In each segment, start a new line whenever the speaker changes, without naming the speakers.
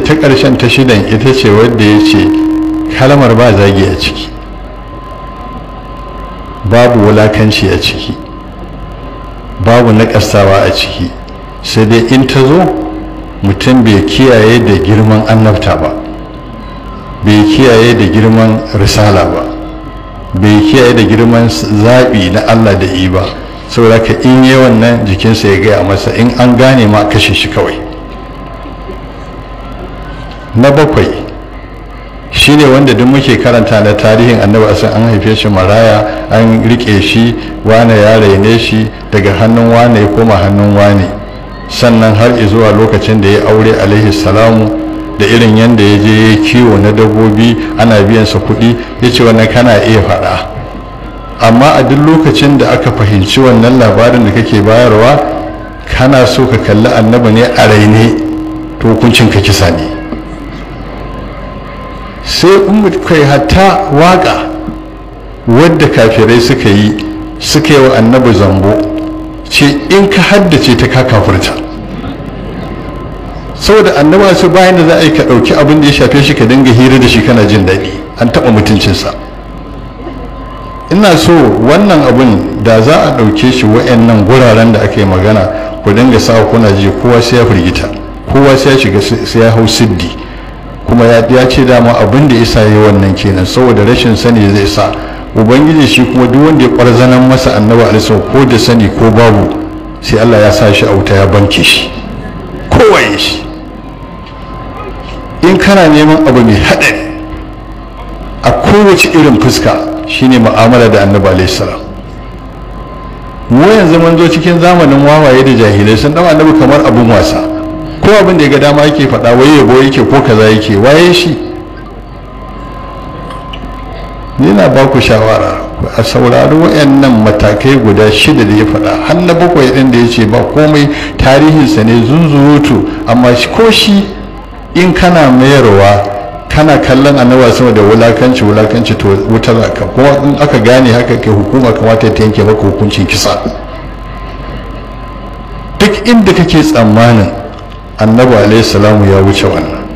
ce ta ƙarshen ta shidan ita ce wadda ya ce kalamar ba zagi a ciki babu wulakanci a ciki babu naƙasawa a ciki sai dai in ta zo mutum bai kiyaye da girman annabta ba bai kiyaye da girman risala ba bai kiyaye da girman zaɓi na allah da yi ba saboda ka in yi wannan jikinsa ya gaya masa in an gane ma kashe shi kawai na bakwai shi ne wanda duk muke karanta na tarihin annabi asan an haife shi maraya an rike shi wane ya raine shi daga hannun wane ya koma hannun wane sannan har zuwa lokacin da ya aure alaihi salamu da irin yadda ya je ya kiwo na dabbobi ana biyan sa kuɗi ya ce wannan kana iya faɗa amma a duk lokacin da aka fahimci wannan labarin da kake bayarwa kana so ka kalli annabi ne a raine to hukuncin ka kisa ne sai kai hatta waka wadda kafirai suka yi suka yi wa annabi zambo ce in ka haddace ta ka kafirta saboda annaba su bayan da za a yi ka ɗauki abin da ya shafe shi ka dinga hira da shi kana jin daɗi an taɓa mutuncinsa ina so wannan abin da za a ɗauke shi wa'annan guraren da aka yi magana ku dinga sa kuna ji kowa sai ya firgita kowa sai ya shiga sai ya hau siddi kuma ya ce dama abin da isa yi wannan kenan saboda rashin sani zai sa ubangiji shi kuma duk wanda ya kwarzanan masa annabi alisa ko da sani ko babu sai Allah ya sa shi a wuta ya banke shi kowaye shi in kana neman abu mai haɗari a kowace irin fuska shine ma'amala da annabi alaihi salam mu yanzu zo cikin zamanin wawaye da jahilai sun dama annabi kamar abun wasa ko abin da ya ga dama yake faɗa wai yabo yake ko kaza yake waye shi yana ba ku shawara a saurari wayannan matakai guda shida da ya faɗa har na bakwai ɗin da ya ce ba komai tarihinsa ne zunzurutu amma ko shi in kana mayarwa kana kallon annaba sama da wulakanci wulakanci to wuta za ka kuma in aka gane haka ke hukuma kamata ta yanke maka hukuncin kisa duk inda kake tsammanin annabi alaihi salamu ya wuce wannan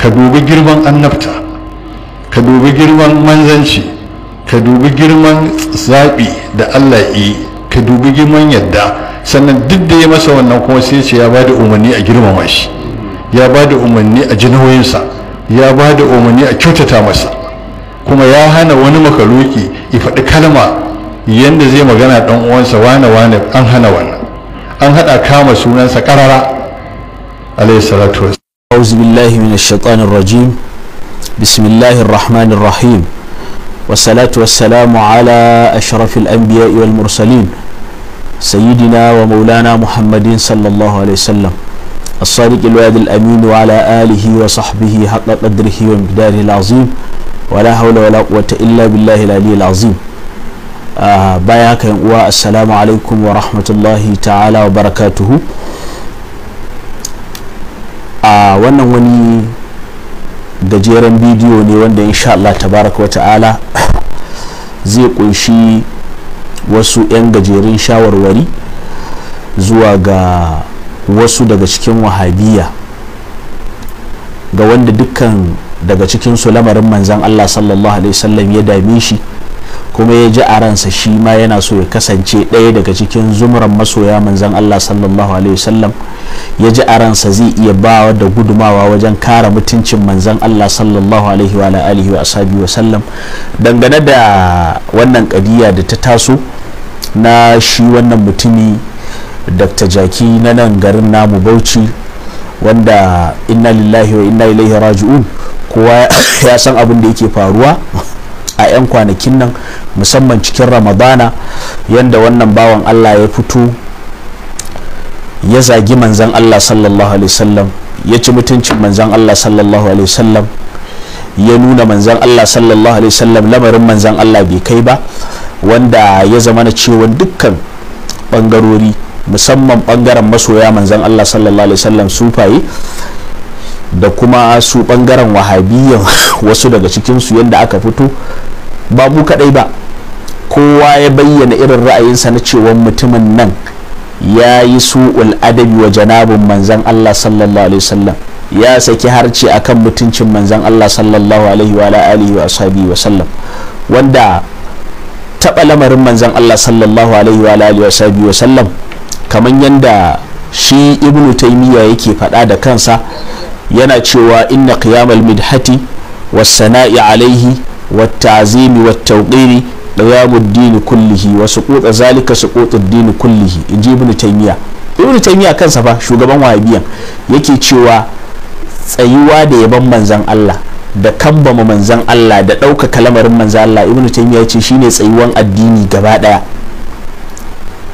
ka dubi girman annabta ka dubi girman manzanci ka dubi girman zaɓi da allah yi ka dubi girman yadda sannan duk da ya masa wannan kuma sai ce ya ba da umarni a girmama shi ya ba da umarni a jinawoyinsa ya ba da umarni a kyautata masa kuma ya hana wani makaluki ya faɗi kalma yadda zai magana ɗan uwansa wane wane an hana wannan an haɗa kama sunansa ƙarara عليه الصلاة والسلام
أعوذ بالله من الشيطان الرجيم بسم الله الرحمن الرحيم والصلاة والسلام على أشرف الأنبياء والمرسلين سيدنا ومولانا محمد صلى الله عليه وسلم الصادق الوعد الأمين وعلى آله وصحبه حق قدره ومقداره العظيم ولا حول ولا قوة إلا بالله العلي العظيم آه باياك السلام عليكم ورحمة الله تعالى وبركاته a wannan wani gajeren bidiyo ne wanda insha Allah tabaraka wata'ala zai kunshi wasu 'yan gajerun shawarwari zuwa ga wasu daga cikin wahabiya ga wanda dukkan daga cikin su lamarin manzan Allah sallallahu alaihi wasallam ya dame shi kuma ya ji a ransa shi ma yana so ya kasance ɗaya daga cikin zumuran masoya manzan Allah sallallahu alaihi wasallam ya ji a ransa zai iya bawa da gudumawa wajen kara mutuncin manzan Allah sallallahu alaihi wa alihi wa sabi wa dangane da wannan kadiya da ta taso na shi wannan mutumi Dr. Jaki na nan garin namu Bauchi wanda inna lillahi wa inna ilaihi raji'un kowa ya san abin da yake faruwa a 'yan kwanakin nan musamman cikin ramadana yadda wannan bawan allah ya fito ya zagi manzan allah sallallahu alaihi wasallam ya ci mutuncin manzan allah sallallahu alaihi wasallam ya nuna manzan allah sallallahu alaihi wasallam lamarin manzan allah bai kai ba wanda ya zama na cewa dukkan bangarori musamman bangaren masoya manzan allah sallallahu alaihi wasallam sufaye da kuma su bangaren wahabiyyan wasu daga cikinsu yadda aka fito ba mu kadai ba kowa ya bayyana irin ra'ayinsa na cewa mutumin nan ya yi su'ul adabi wa janabin manzan Allah sallallahu alaihi wasallam ya saki harce akan mutuncin manzan Allah sallallahu alaihi wa alihi wa ashabi wa sallam wanda taba lamarin manzan Allah sallallahu alaihi wa alihi wa ashabi wa sallam kamar yanda shi ibnu taymiya yake fada da kansa yana cewa inna qiyamal midhati was sana'i alaihi والتعظيم والتوقير قيام الدين كله وسقوط ذلك سقوط الدين كله إن ابن تيمية ابن تيمية كان سفا شو قبان وعيبيا يكي tsayuwa da yaban manzan Allah da kambama manzan Allah da ɗaukaka lamarin manzan Allah ibnu taymiya ya ce shine tsayuwan addini gaba ɗaya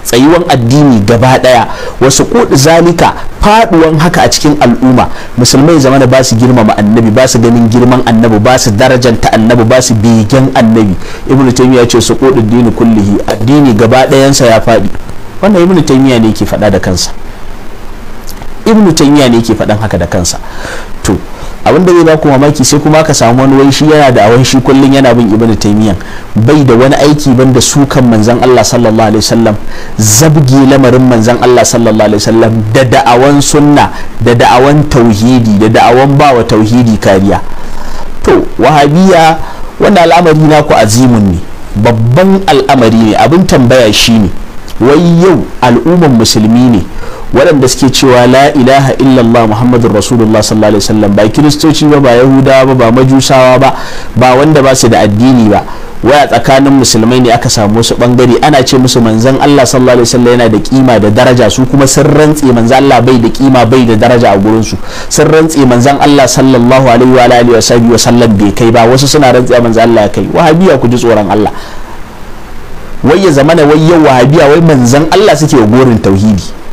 tsayuwan addini gaba daya wasu ko zalika faduwan haka a cikin al'umma musulmai zama da ba su girmama annabi ba su ganin girman annabi ba su ta annabi ba su begen annabi ibnu taymiya ce su ko dini kullihi addini gaba dayansa ya fadi wannan ibnu taymiya ne ke faɗa da kansa ibnu taymiya ne ke faɗan haka da kansa to abin da zai ba mamaki sai kuma ka samu wani wai shi yana da awan shi kullun yana bin ibnu taymiyan bai da wani aiki banda sukan manzon Allah sallallahu alaihi wasallam zabge lamarin manzon Allah sallallahu alaihi wasallam da da'awan sunna da da'awan tauhidi da da'awan bawa tauhidi kariya to wahabiya wannan al'amari naku azimun ne babban al'amari ne abin tambaya shi ne wai yau al'umman musulmi ne waɗanda suke cewa la ilaha illallah muhammadun rasulullah sallallahu alaihi wasallam ba kiristoci ba ba yahudawa ba ba majusawa ba ba wanda ba su da addini ba waya tsakanin musulmai ne aka samu wasu bangare ana ce musu manzan Allah sallallahu alaihi wasallam yana da kima da daraja su kuma sun rantse manzan Allah bai da kima bai da daraja a gurin su sun rantse manzan Allah sallallahu alaihi wa alihi wa sallam bai kai ba wasu suna rantse manzan Allah ya kai wahabiya ku ji tsoron Allah wai ya zamana wai yau wahabiya wai manzan Allah suke gorin tauhidi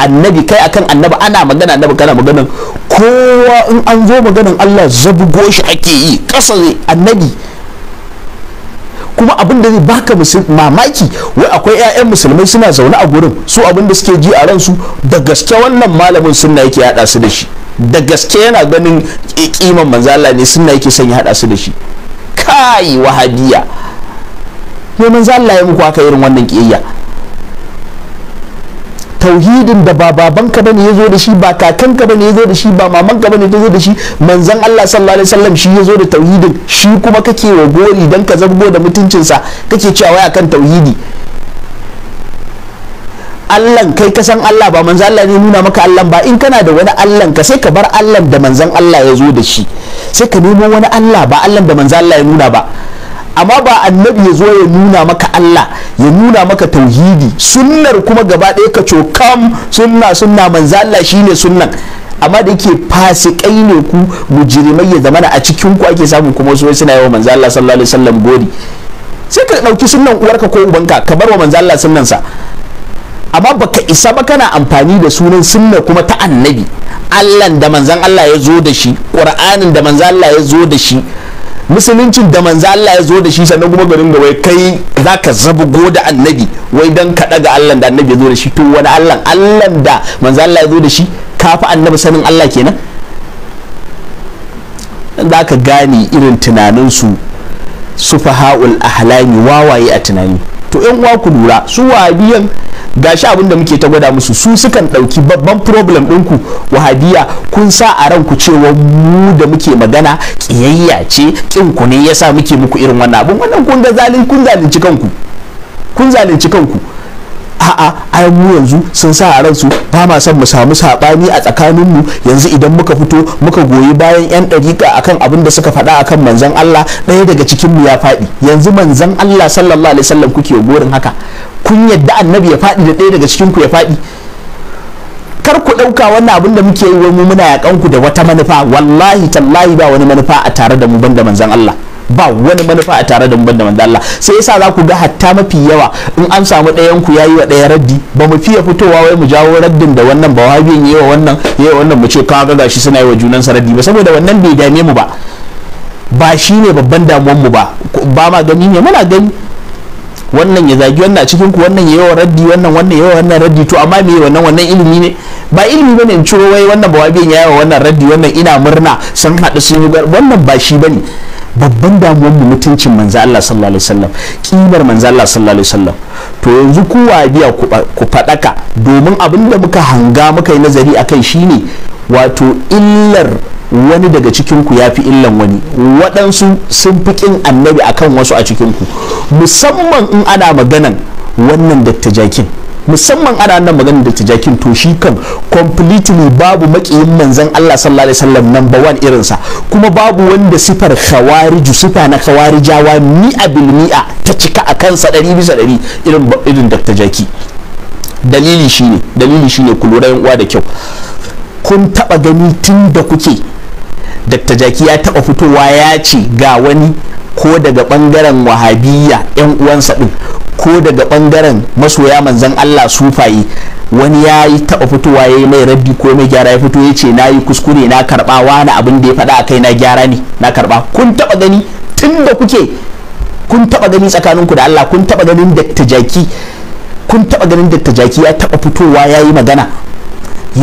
annabi kai akan annabi ana magana annabi kana magana kowa in an zo maganan Allah zabugo shi ake yi ƙasar annabi kuma abin da zai baka mamaki wai akwai 'ya'yan musulmai suna zaune a gurin su abin da suke ji a ransu da gaske wannan malamin sunna yake hada su da shi da gaske yana ganin kiman manzala ne sunna yake son ya hada su da shi kai wahabiya ne Allah ya muku aka irin wannan kiyayya tauhidin da ba babanka bane ya zo da shi ba kakanka bane ya da shi ba mamanka bane ta zo da shi manzon Allah sallallahu alaihi wasallam shi ya zo da tauhidin shi kuma kake wa gori dan ka zabgo da mutuncinsa kake cewa wai akan tauhidi Allahn kai ka san Allah ba manzon Allah ne nuna maka Allah ba in kana da wani Allahn ka sai ka bar Allah da manzan Allah yazo zo da shi sai ka nemo wani Allah ba Allah da manzon Allah ya nuna ba amma ba annabi ya zo ya nuna maka Allah ya nuna maka tauhidi sunnar kuma gaba ɗaya ka cokam sunna sunna manzo Allah shine sunnan amma da yake fasikai ne ku mujrimai ya zamana a cikin ku ake samu kuma su suna yawa manzo Allah sallallahu alaihi wasallam gori sai ka dauki sunnan uwarka ko ubanka ka bar wa manzo Allah sunnan sa amma baka isa ba kana amfani da sunan sunna kuma ta annabi Allah da manzon Allah ya zo da shi Qur'anin da manzon Allah ya zo da shi musuluncin da manzo Allah ya zo da shi sannan kuma garin da wai kai za zaka zabugo da annabi wai dan ka daga Allah da annabi ya zo da shi to wani Allah Allah da manzo Allah ya zo da shi kafi annabi sanin Allah kenan dan ka gane irin tunanin su sufaha'ul ahlami wawaye a tunani to yan uwa ku lura su wahabiyan gashi abin da muke ta gwada musu su sukan ɗauki babban problem ɗinku wahabiya kun sa a ranku cewa mu da muke magana ƙiyayya ce ƙin ku ne yasa muke muku irin wannan abin wannan kun ga zalin kun zalunci kanku kun zalunci kanku a'a ai mu yanzu sun sa a ransu ba ma son mu samu sabani a tsakanin mu yanzu idan muka fito muka goyi bayan yan dariƙa akan abin da suka faɗa akan manzon Allah ɗaya daga cikin mu ya faɗi yanzu manzon Allah sallallahu alaihi wasallam kuke gorin haka kun yadda annabi ya faɗi da ɗaya daga cikin ku ya faɗi kar ku ɗauka wannan abin da muke yi mu muna yakan ku da wata manufa wallahi tallahi ba wani manufa a tare da mu banda manzon Allah ba wani manufa a tare da mu da manzo Allah sai yasa za ku ga hatta mafi yawa in an samu ɗayan ku yayi wa ɗaya raddi ba mu fiye fitowa wai mu jawo raddin da wannan ba wahabiyin yayi wa wannan yayi wa wannan mu ce ga gashi suna yi wa junan sa raddi ba saboda wannan bai dame mu ba ba shine babban damuwan mu ba ba ma gani ne muna gani wannan ya zagi wannan a cikin ku wannan yayi wa raddi wannan wannan yayi wa wannan raddi to amma me wannan wannan ilimi ne ba ilimi bane in ciro wai wannan ba bawabiyan yayi wa wannan raddi wannan ina murna sun haɗu sun yi wannan ba shi bane babban damuwar mu mutuncin manzo Allah sallallahu alaihi wasallam kimar manzo Allah sallallahu alaihi wasallam to yanzu kowa biya ku fadaka domin abin da muka hanga muka yi nazari akan shine wato illar wani daga cikinku ya fi illan wani waɗansu sun fi ƙin annabi akan wasu a cikin ku musamman in ana maganan wannan jakin. musamman ana nan magana da tijakin to shi kan completely babu makiyin manzan Allah sallallahu alaihi wasallam number one irinsa kuma babu wanda sifar khawariju sifa na khawarijawa mi'a bil mi'a ta cika a kansa ɗari bisa ɗari irin irin Dr. Jaki dalili shine dalili shine ku lura yan uwa da kyau kun taba gani tun da kuke Dr. Jaki ya taba fitowa ya ce ga wani ko daga bangaren wahabiyya yan uwansa din ko daga bangaren masoya manzan Allah sufayi wani ya yi taɓa fitowa ya mai rabbi ko mai gyara ya fito ya ce na yi kuskure na karɓa wani abin da ya faɗa a kai na gyara ne na karɓa kun taɓa gani tun da kuke kun taɓa gani tsakaninku da Allah kun taɓa ganin dakta jaki kun taɓa ganin dakta ya taba fitowa ya yi magana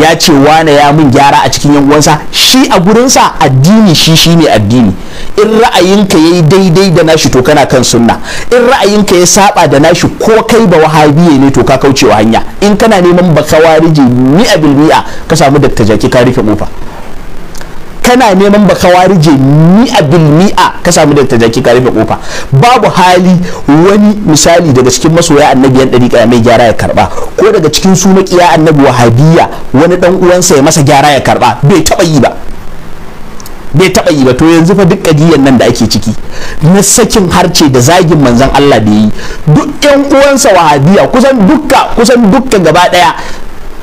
ya ce wane ya mun gyara a cikin yan uwansa shi a gurinsa addini shi shi ne addini in ra'ayinka ya yi daidai da nashi to kana kan sunna in ra'ayinka ya saba da nashi ko kai ba wahabiye ne to ka kaucewa hanya in kana neman bakawarije ni a mi'a ka samu dakta jaki ka rufe kofa kana neman baka warije mi'a bil mi'a ka samu da tajaki ka rufe kofa babu hali wani misali daga cikin masoya annabi yan dariƙa mai gyara ya karba ko daga cikin su makiya annabi wahabiya wani dan uwansa ya masa gyara ya karba bai taba yi ba bai taba yi ba to yanzu fa duk kadiyan nan da ake ciki na sakin harce da zagin manzon Allah da yi duk yan uwansa wahabiya kusan dukka kusan dukka gaba daya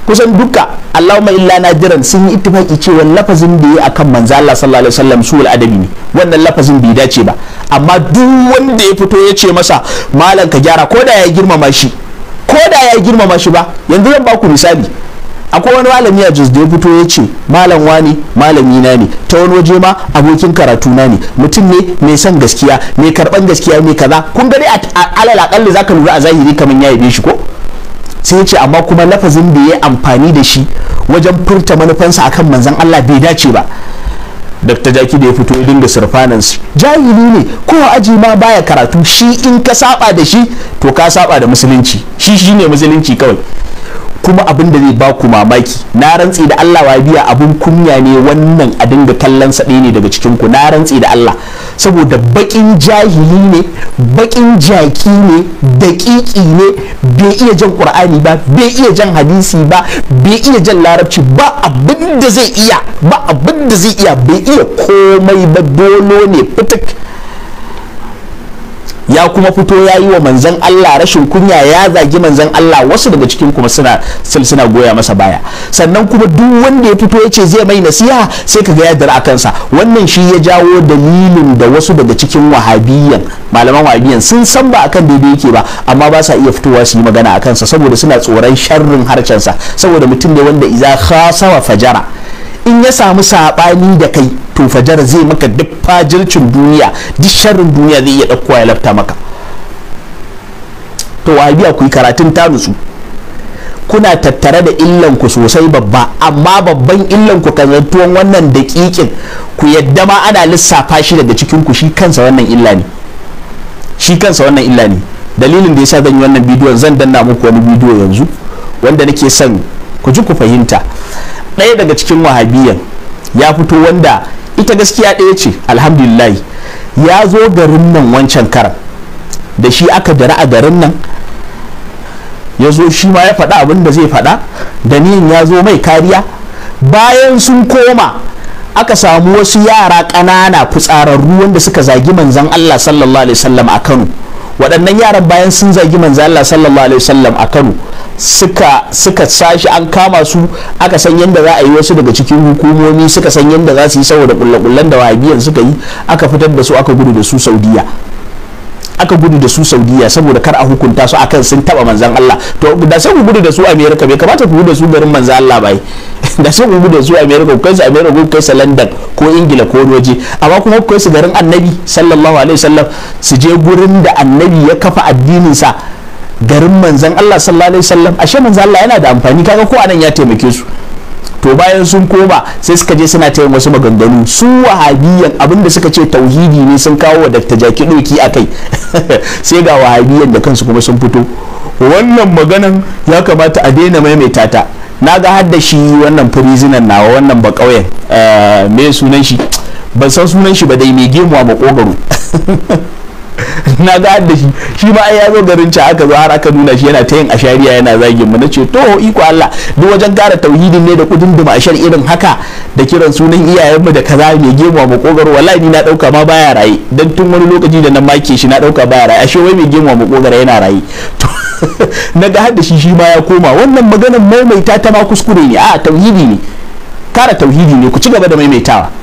kusan duka Allahumma illa na jiran sun yi ittifaki cewa lafazin da ya akan manzo Allah sallallahu alaihi wasallam suwal adabi ne wannan lafazin bai dace ba amma duk wanda ya fito ya ce masa malam ka gyara ko da ya girmama shi ko da ya girmama shi ba yanzu zan baku misali akwai wani malami a jos da ya fito ya ce malam wani malami na ne ta wani waje ma abokin karatu na ne mutum ne mai son gaskiya mai karban gaskiya mai kaza kun gani a alal akalli zaka lura a zahiri kamar ya yi shi ko sai ya ce amma kuma lafazin da ya amfani da shi wajen furta manufansa akan manzan Allah bai dace ba Dr. Jaki da ya fito ya dinga surfanansu jahili ne ko aji ma baya karatu shi in ka saba da shi to ka saba da musulunci shi shine musulunci kawai kuma abin da zai baku mamaki na rantsi da Allah wa biya abin kunya ne wannan a dinga kallon sa ne daga cikin ku na rantsi da Allah saboda bakin jahili ne bakin jaki ne daƙiƙi ne bai iya jan qur'ani ba bai iya jan hadisi ba bai iya jan larabci ba abin da zai iya ba abin da zai iya bai iya komai ba dolo ne fitik ya kuma fito ya yi wa manzan Allah rashin kunya ya zagi manzan Allah wasu daga cikin kuma suna suna goya masa baya sannan kuma duk wanda ya fito ya ce zai mai nasiha sai kaga ya dara kansa wannan shi ya jawo dalilin da wasu daga cikin wahabiyan malaman wahabiyan sun san ba akan daidai yake ba amma ba sa iya fitowa su yi magana akan sa saboda suna tsoron sharrin harcensa saboda mutum ne wanda iza khasawa fajara in ya samu saɓani da kai to fajara zai maka duk fajircin duniya duk sharrin duniya zai iya ɗaukowa ya lafta maka to biya ku yi karatun ta nutsu kuna tattare da illanku sosai babba amma babban illanku kazantuwan wannan daƙiƙin ku yadda ma ana lissafa shi daga cikin ku shi kansa wannan illa ne shi kansa wannan illa ne dalilin da yasa zan yi wannan bidiyon zan danna muku wani bidiyo yanzu wanda nake son ku ji ku fahimta ɗaya daga cikin wahabiyan ya fito wanda ita gaskiya ɗaya ce alhamdulillah ya zo garin nan wancan karan da shi aka dara a garin nan ya zo shi ma ya faɗa abin da zai faɗa da niyan ya zo mai kariya bayan sun koma aka samu wasu yara ƙanana fitsararru wanda suka zagi manzan Allah sallallahu alaihi wasallam a Kano waɗannan yaran bayan sun zagi manzan Allah sallallahu alaihi wasallam a Kano suka sashi an kama su aka san yadda za a yi wasu daga cikin hukumomi suka san yadda za su yi saboda kullakullan da wahabiyan suka yi aka fitar da su aka gudu da su saudiya aka gudu da su saudiya saboda kar a hukunta su akan sun taba manzan Allah to da sai ku gudu da su america bai kamata ku gudu da su garin manzan Allah bai da sai ku gudu da su america ku kai su america ku kai su london ko ingila ko waje amma kuma ku kai su garin annabi sallallahu alaihi wasallam su je gurin da annabi ya kafa addinin sa garin manzan Allah sallallahu alaihi wasallam ashe manzan Allah yana da amfani kaga ko anan ya taimake su to bayan sun koma sai suka je suna yin wasu maganganu su wahabiyan abinda suka ce tauhidi ne sun kawo da jaki doki akai sai ga wahabiyan da kansu kuma sun fito wannan maganan ya kamata a daina maimaita ta na ga hadda shi wannan firizinan nawa wannan ba kauyen eh, me sunan shi ban san sunan shi ba dai mai gemuwa kogaro na ga da shi shi ma ai ya zo garin ca aka zo har aka nuna shi yana ta yin ashariya yana zagin mu nace to iko Allah duk wajen gara tauhidin ne da kudin duma ashar irin haka da kiran sunan iyayen mu da kaza mai gemu mu kogar wallahi ni na dauka ma baya raye dan tun wani lokaci da nan make shi na dauka baya raye ashe wai mai gemu mu kogaro yana raye na ga hadda shi shi ma ya koma wannan maganar maimaita ta ma kuskure ne a tauhidi ne kara tauhidi ne ku ci gaba da maimaitawa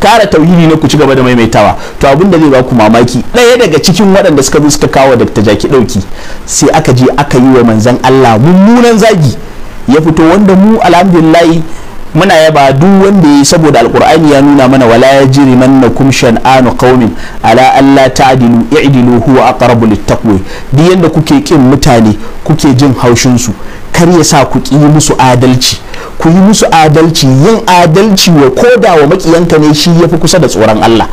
kara tauhidi na ku ci gaba da maimaitawa to abin da zai ba ku mamaki ɗaya daga cikin waɗanda suka zo suka kawo da ta jaki ɗauki sai aka je aka yi wa manzan Allah mummunan zagi ya fito wanda mu alhamdulillahi muna yaba duk wanda ya saboda alkur'ani ya nuna mana wala ya jiri manna kum shan'anu qaumin ala alla ta'dilu i'dilu huwa aqrabu littaqwa duk yanda kuke kin mutane kuke jin haushin su kar ya sa ku ƙi musu adalci ku yi musu adalci yin adalci wa koda wa makiyanka ne shi ya fi kusa da tsoron Allah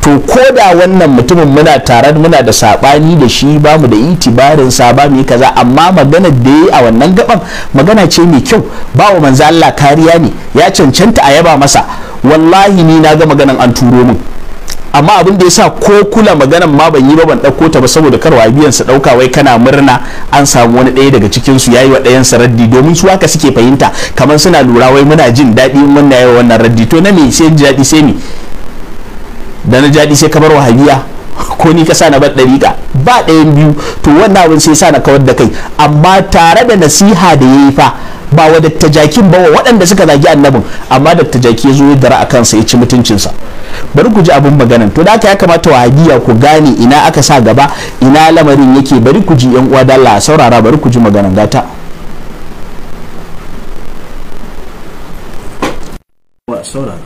to koda wannan mutumin muna tare muna da saɓani da shi ba mu da itibarin sa ba mu kaza amma magana da yi a wannan gaban magana ce mai kyau ba wa manzo Allah kariya ne ya cancanta a yaba masa wallahi ni na ga maganan an turo mu amma abin da ya sa ko kula maganan ma ban yi ba ban ɗauko ta ba saboda karwa biyan sa ɗauka wai kana murna an samu wani ɗaya daga cikin su yayi wa ɗayan sa raddi domin su haka suke fahimta kamar suna lura wai muna jin daɗi mun na yawa wannan raddi to na me sai ji daɗi sai ni da na jadi sai kamar wahabiya ko ni ka sa na bar ɗariƙa ba ɗayan biyu to wannan abin sai sa na kawar da kai amma tare da nasiha da yayi fa ba wa dattajakin ba wa waɗanda suka zagi annabin amma dattajaki ya zo ya dara a sa ya ci mutuncinsa bari ku ji abin maganan to da ta ya kamata wahabiya ku gane ina aka sa gaba ina lamarin yake bari ku ji yan uwa dalla saurara bari ku ji maganan gata
saurara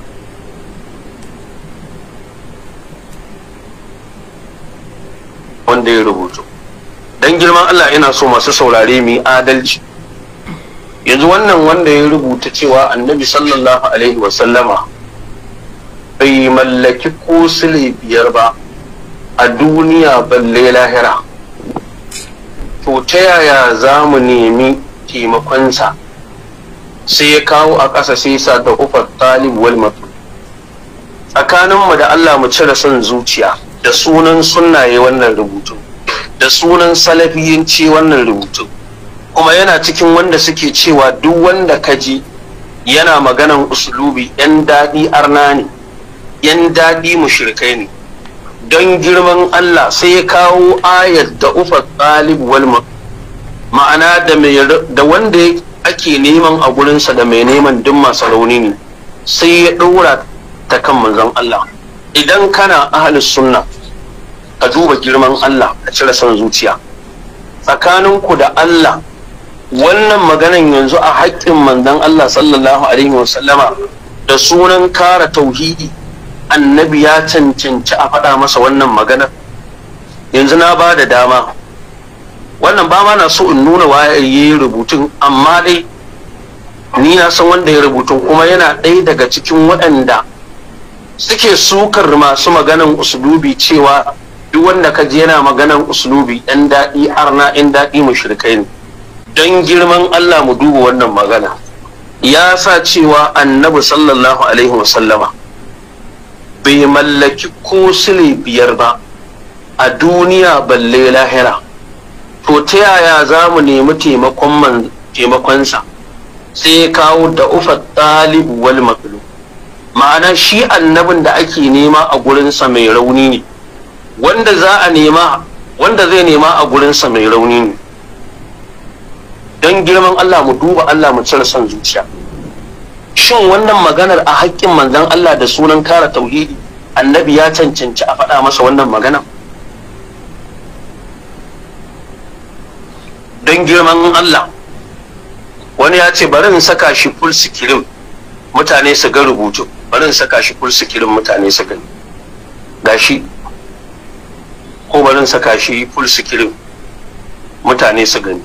wanda ya rubuto dan girman Allah ina so masu saurare mu adalci yanzu wannan wanda ya rubuta cewa annabi sallallahu alaihi wasallama bai mallaki ko sile biyar ba a duniya balle lahira to ta yaya za mu nemi taimakonsa sai ya kawo a ƙasa sai sa da kufar talib wal matu tsakaninmu da Allah mu cire son zuciya da sunan sunaye wannan rubutu da sunan salafiyanci wannan rubutu kuma yana cikin wanda suke cewa duk wanda ka ji yana maganan usulubi yan daɗi arna ne yan daɗi mushrikai ne don girman Allah sai ya kawo ayat da ufa ɗalib wal ma'ana da wanda ake neman a gurinsa da mai neman duk masu rauni ne sai ya ɗora ta kan manzon Allah idan kana ahalus sunna ka duba girman Allah ka cire son zuciya tsakaninku da Allah wannan maganan yanzu a haƙƙin manzon Allah sallallahu alaihi wasallama da sunan kara tauhidi annabi ya cancanci a faɗa masa wannan magana yanzu na ba da dama wannan ba ma na so in nuna waye ya yi rubutun amma dai ni na san wanda ya rubutun kuma yana ɗaya daga cikin waɗanda suke sukar masu maganan usulubi cewa duk wanda ka ji yana maganan usulubi ɗan daɗi arna ɗan daɗi mushrikai ne don girman Allah mu duba wannan magana ya sa cewa annabi sallallahu alaihi wasallama bai mallaki ko sile biyar ba a duniya balle lahira to ta yaya za mu nemi taimakonsa sai ya kawo da ufa ɗalibu wal ma'ana shi annabin da ake nema a gurinsa mai rauni ne wanda za a nema wanda zai nema a gurinsa mai rauni ne don girman Allah mu duba Allah mu cire son zuciya shin wannan maganar a haƙƙin manzon Allah da sunan kare tauhidi annabi ya cancanci a faɗa masa wannan magana don girman Allah wani ya ce bari in saka shi full screen mutane su ga rubutu bari in saka shi full screen mutane su gani gashi ko bari in saka shi full screen mutane su gani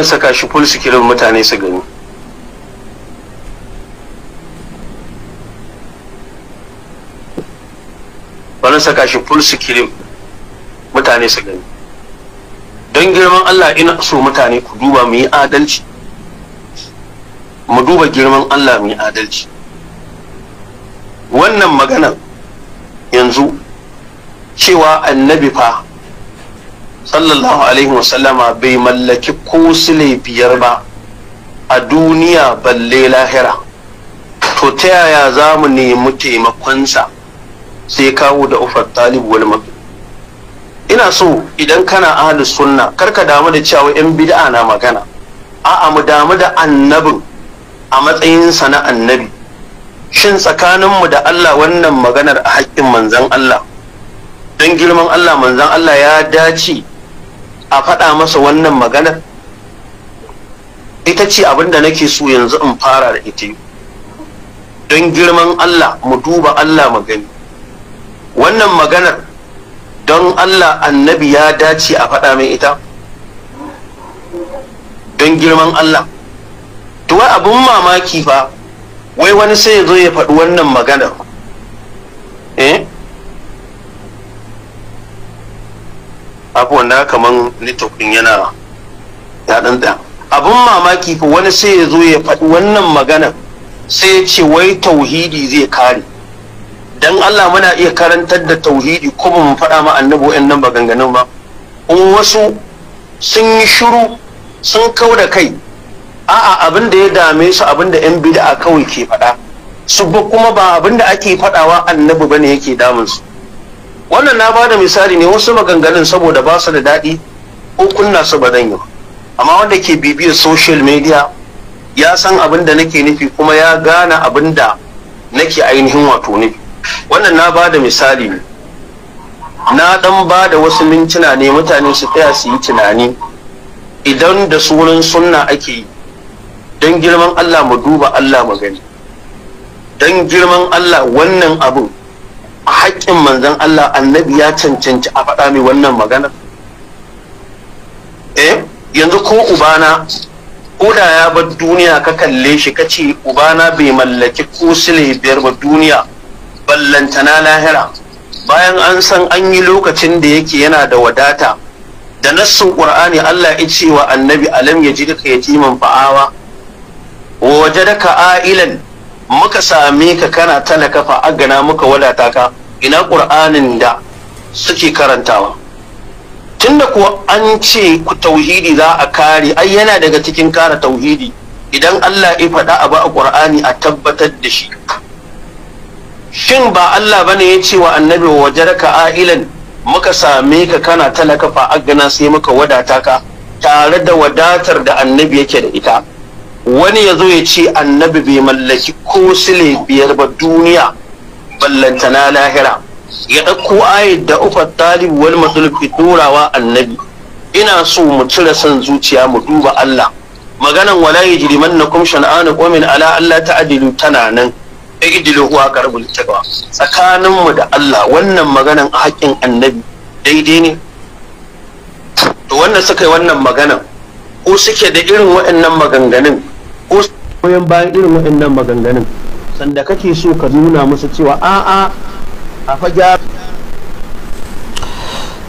Wani saka shi full screen mutane su gani wani saka shi full screen mutane su gani don girman Allah ina so mutane ku duba mu yi adalci mu duba girman Allah mu yi adalci wannan magana yanzu cewa annabi fa sallallahu alaihi wasallama bai mallaki ko sile biyar ba a duniya balle lahira to ta yaya za mu nemi taimakonsa sai kawo da ufar talib wal mafi ina so idan kana ahli sunna karka damu da cewa yan bid'a na magana a'a mu damu da annabin a matsayinsa na annabi shin tsakaninmu da Allah wannan maganar a haƙƙin manzon Allah don girman Allah manzan Allah ya dace a faɗa masa wannan maganar ita ce abinda nake so yanzu in fara da ita don girman Allah mu duba Allah magani wannan maganar don Allah annabi ya dace a faɗa mai ita don girman Allah tuwa abin mamaki fa wai wani sai ya zo ya faɗi wannan maganar eh abubuwan na kaman network din yana ya dan abun mamaki fa wani sai ya zo ya faɗi wannan magana sai ya ce wai tauhidi zai kare dan Allah muna iya karantar da tauhidi ko mu faɗa ma annabi wa'annan maganganun ba in wasu sun yi shiru sun kau da kai a'a abin da ya dame su abin da yan bid'a kawai ke faɗa su kuma ba abin da ake faɗawa annabi bane yake damun su wannan na bada misali ne wasu maganganun saboda ba su da daɗi ko kunna su ba zan yi amma wanda ke bibiyar social media ya san abin da nake nufi kuma ya gane abin da nake ainihin wato nufi wannan na bada misali ne na dan bada wasu mintuna ne mutane su tsaya su yi tunani idan da sunan sunna ake yi don girman Allah mu duba Allah mu gani don girman Allah wannan abin a haƙƙin manzon Allah annabi ya cancanci a faɗa mai wannan magana eh yanzu ko ubana ko da ya bar duniya ka kalle shi ka ce ubana bai mallaki ko sile biyar ba duniya ballantana lahira bayan an san an yi lokacin da yake yana da wadata da nassin qur'ani Allah ya ce wa annabi alam yajidka yatiman fa'awa wa wajadaka ailan muka same ka kana talaka fa agana muka wadata ka ina ƙur'anin da suke karantawa tunda kuwa an ce ku tauhidi za a kare ai yana daga cikin kare tauhidi idan Allah ya faɗa abu a ƙur'ani a tabbatar da shi shin ba Allah bane ya ce wa annabi jaraka ailan muka same ka kana talaka fa agana sai muka wadata ka tare da wadatar da annabi yake da ita wani ya zo ya ce annabi bai mallaki ko sile biyar ba duniya ballantana lahira ya ɗauko ayat da ufa talib wal matsalub turawa annabi ina so mu cire son zuciya mu duba Allah maganan wala yajrimannakum shan'anu qawmin ala alla ta'dilu tana nan ijdilu huwa qarbul taqwa tsakanin mu da Allah wannan maganan a haƙin annabi daidai ne to wannan suka yi wannan maganan ko suke da irin waɗannan maganganun ko bayan irin waɗannan maganganun sanda kake so ka nuna musu cewa a'a a faja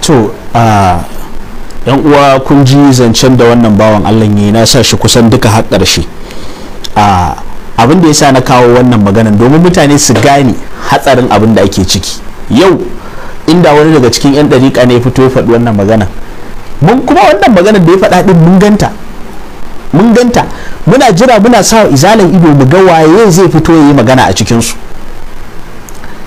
to a yan uwa kun ji zancen da wannan bawan Allah ne na sa shi kusan duka har ƙarshe a abin da yasa na kawo wannan maganan domin mutane su gane hatsarin abin da ake ciki yau inda wani daga cikin 'yan dariƙa ne ya fito ya faɗi wannan magana mun kuma wannan magana da ya faɗa ɗin mun ganta mun ganta muna jira muna sa izalan ido mu ga waye zai fito yayi magana a cikin su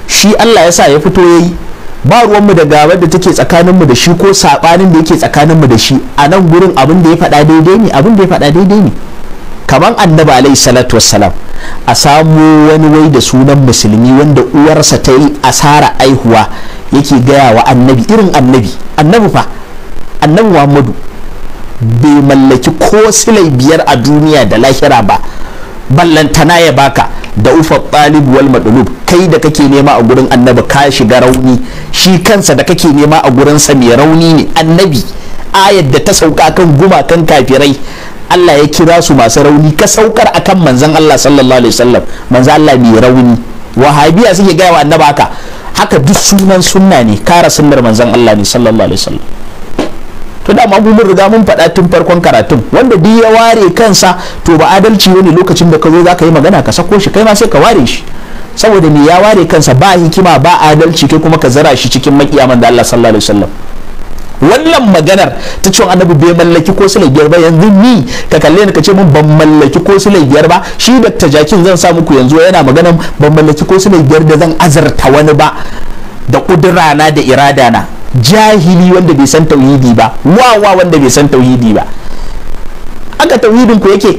shi Allah ya sa ya fito yayi ba ruwanmu da gabar da take tsakanin mu da shi ko sabanin da yake tsakanin mu da shi a nan gurin abin da ya faɗa daidai ne abin da ya faɗa daidai ne kamar annabi alaihi salatu wassalam a samu wani wai da sunan musulmi wanda uwarsa ta yi asara aihuwa yake gaya wa annabi irin annabi annabi fa annabi muhammadu bai mallaki ko silai biyar a duniya da lahira ba ballantana ya baka da ufa ɓalibu wal madlub kai da kake nema a gurin annabi ka shiga rauni shi kansa da kake nema a gurin sa mai rauni ne annabi ayar da ta sauka kan gumakan kafirai Allah ya kira su masu rauni ka saukar akan manzon Allah sallallahu alaihi wasallam manzon Allah mai rauni wahabiya suke gaya wa annaba haka haka duk sunan sunna ne kara sunnar manzon Allah ne sallallahu alaihi wasallam to dama ma mun riga mun faɗa tun farkon karatun wanda duk ya ware kansa to ba adalci wani lokacin da ka zo zaka yi magana ka sako shi kai ma sai ka ware shi saboda me ya ware kansa ba hikima ba adalci kai kuma ka zara shi cikin makiya da Allah sallallahu alaihi wasallam wannan maganar ta cewa annabi bai mallaki ko silai biyar ba yanzu ni ka kalle ni ka ce mun ban mallaki ko silai biyar ba shi da jakin zan sa muku yanzu yana maganar ban mallaki ko silai biyar da zan azarta wani ba da na da irada na. jahili wanda bai san tauhidi ba wawa wanda bai san tauhidi ba aka tauhidin ku yake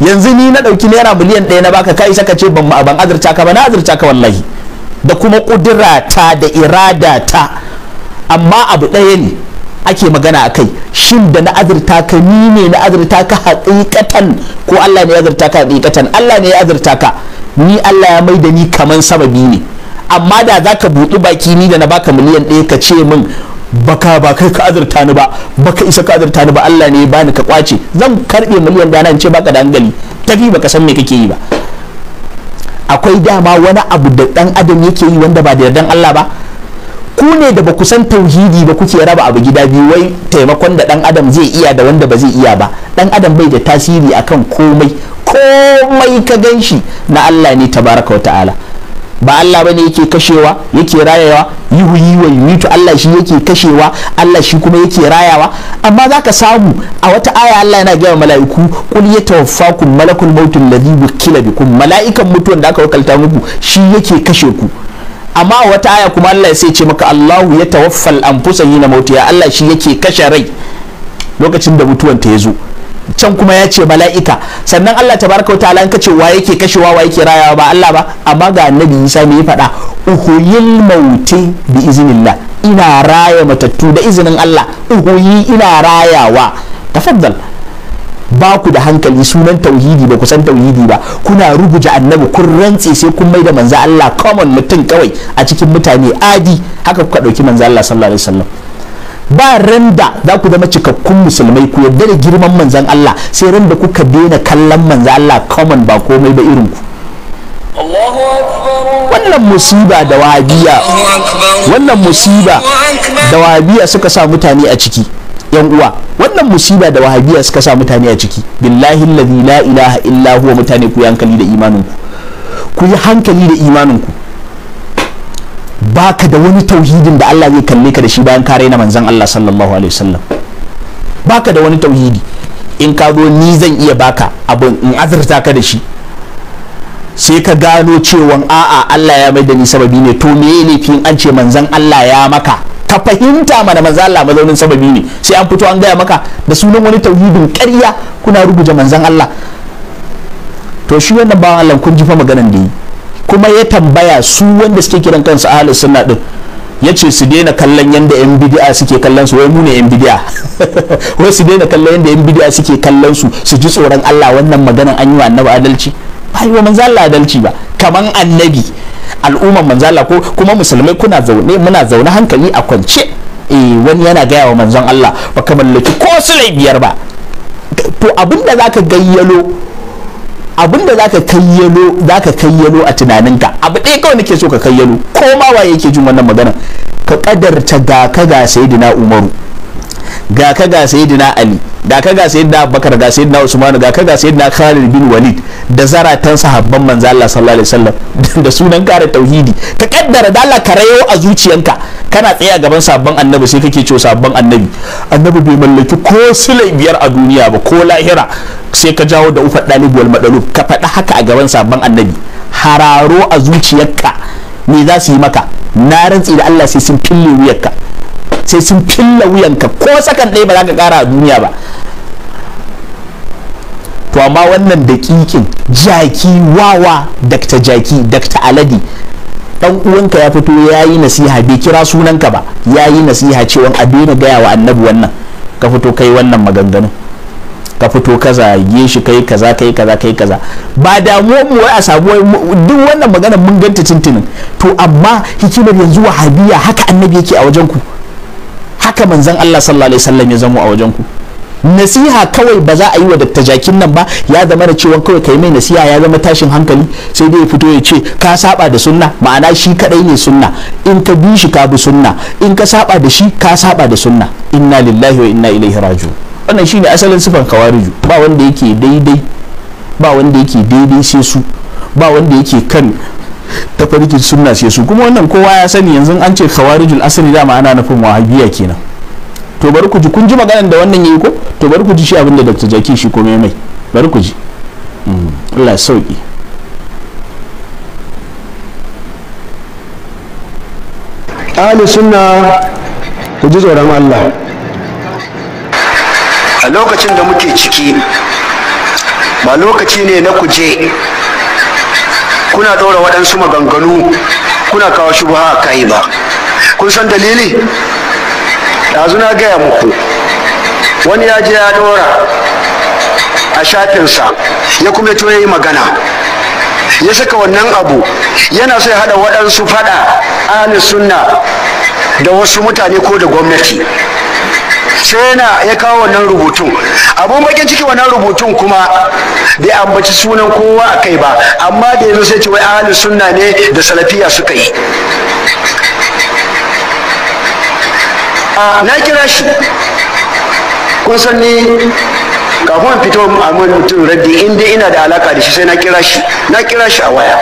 yanzu ni na ɗauki naira miliyan ɗaya na baka kai saka ce ban ban azurta ka ba na azurta ka wallahi da kuma kudura ta da irada ta amma abu ɗaya ne ake magana a kai shin da na azurta ka ni ne na azurta ka haƙiƙatan ko Allah ne ya azurta ka haƙiƙatan Allah ne ya azurta ka ni Allah ya mai da ni kaman sababi ne amma da za ka buɗi baki ni da na baka miliyan ɗaya ka ce min baka ba kai ka azurta ni ba baka isa ka azurta ni ba Allah ne ya bani ka kwace zan karbe miliyan dana in ce baka da hankali tafi baka san me kake yi ba akwai dama wani abu da dan adam yake yi wanda ba da yardan Allah ba ku ne da ba ku san tauhidi ba kuke raba abu gida biyu wai taimakon da dan adam zai iya da wanda ba zai iya ba dan adam bai da tasiri akan komai komai ka ganshi na Allah ne tabaraka wa ta'ala ba Allah ba ne yake kashewa yake rayawa yihu yiwa yumitu Allah shi yake kashewa Allah shi kuma yake rayawa amma za ka samu a wata aya Allah yana gaya mala'iku kun ya yatawaffakum malakul maut alladhi wukila bikum mala'ikan mutuwan da aka wakalta muku shi yake kashe ku amma a wata aya kuma Allah ya sai ce maka Allahu ya yi anfusa mautu mautiya Allah shi yake kashe rai lokacin da mutuwan ta ya zo can kuma ya ce mala'ika sannan Allah ta baraka wata an ce wa yake kashewa wa yake rayawa ba Allah ba amma ga annabi Isa sami ya faɗa uhuyil mauti bi iznillah ina raya matattu da izinin Allah uhuyi ina rayawa tafaddal ba ku da hankali sunan tauhidi ba ku san tauhidi ba kuna rubuta annabi kun rantse sai kun mai da manzo Allah common mutum kawai a cikin mutane adi haka kuka dauki manzo Allah sallallahu alaihi wasallam ba randa za ku zama cikakkun musulmai ku yadda da girman manzan Allah sai randa kuka daina kallon manzan Allah common ba komai ba irin ku wannan musiba da wabiya wannan musiba da wabiya suka sa mutane a ciki yan uwa wannan musiba da wahabiya suka sa mutane a ciki billahi la ilaha illa mutane ku yi hankali da imaninku. ku yi hankali da imanin baka da wani tauhidin da Allah zai kalle ka da shi bayan ka raina manzon Allah sallallahu alaihi wasallam baka da wani tauhidi in ka zo ni zan iya baka abun in azurta ka da shi sai ka gano cewa a'a Allah ya mai da ni sababi ne to me ne fi an ce manzon Allah ya maka ka fahimta mana manzon Allah mazaunin sababi ne sai an fito an gaya maka da sunan wani tauhidin ƙarya kuna rubuta manzon Allah to shi wannan bawan Allah kun ji fa maganan da yi kuma ya tambaya su wanda suke kiran kansu ahlus sunna din ce su daina kallon yadda yan bid'a suke kallon su wai mu ne yan bid'a wai su daina kallon yadda yan bid'a suke kallon su su ji tsoron Allah wannan maganan an yi wa annabi adalci ba yi wa manzo Allah adalci ba kaman annabi al'umman manzo Allah ko kuma musulmai kuna zaune muna zaune hankali a kwance eh wani yana gaya wa manzon Allah baka mallaki ko su biyar ba to abinda zaka gayyalo abinda zaka za ka kayyalo a tunaninka abu ɗaya kawai nake so ka kayyalo ko ma waye yake jin wannan magana ka kadarta ga ka ga saidina umaru ga ka ga sayyidina ali ga ka ga sayyidina abubakar ga sayyidina usman ga ka ga sayyidina khalid bin walid da zaratan sahabban manzo Allah sallallahu alaihi wasallam da sunan kare tauhidi ka kaddara da Allah ka rayo a zuciyanka kana tsaya a gaban sabon annabi sai kake cewa sabon annabi annabi bai mallaki ko sulai biyar a duniya ba ko lahira sai ka jawo da ufa dalib wal madalu ka faɗi haka a gaban sabon annabi hararo a zuciyarka me za su yi maka na rantsi da Allah sai sun fille wuyarka sai sun filla wuyanka ko sakan ɗaya ba za ka kara a duniya ba to amma wannan daƙiƙin jaki wawa dakta jaki dakta aladi dan uwanka ya fito ya yi nasiha bai kira sunanka ba ya yi nasiha cewa a daina gaya wa annabi wannan ka fito kai wannan maganganu ka fito ka zage shi kai kaza kai kaza kai kaza ba damuwar mu wai a samu duk wannan magana mun ganta tuntunin to amma hikimar yanzu wahabiya haka annabi yake a wajen ku haka manzon Allah sallallahu alaihi wasallam ya zamo a wajen ku nasiha kawai ba za a yi wa dakta jakin nan ba ya zama da cewa kawai kai mai nasiha ya zama tashin hankali sai dai ya fito ya ce ka saba da sunna ma'ana shi kadai ne sunna in ka bi shi ka bi sunna in ka saba da shi ka saba da sunna inna lillahi wa inna ilaihi raji'un wannan shine asalin sifan kawariju ba wanda yake daidai ba wanda yake daidai sai su ba wanda yake kan tafarkin sunna ce su kuma wannan kowa ya sani yanzu an ce khawarijul asali dama ana nufin wahabiya kenan to bari ku ji kun ji maganar da wannan yayi ko to bari ku ji shi abinda Dr. Jaki shi komai mai bari ku ji hmm, Allah ya sauki ahli sunna ku ji tsoron Allah
a lokacin da muke ciki ba lokaci ne na kuje kuna daura waɗansu maganganu kuna kawo shubha a kai ba kun san dalili ɗazu na gaya muku wani ya je ya ɗaura a shafinsa ya kuma to ya yi magana ya saka wannan abu yana so ya haɗa waɗansu faɗa ahli sunna da wasu mutane ko da gwamnati sai na ya kawo wannan rubutun abun bakin ciki wannan rubutun kuma bai ambaci sunan kowa a kai ba amma da yanzu sai ce wai ahalin sunna ne da salafiya suka yi na kira shi kun san ni kafin fito a mutum raddi in dai ina da alaka da shi sai na kira shi na kira shi a waya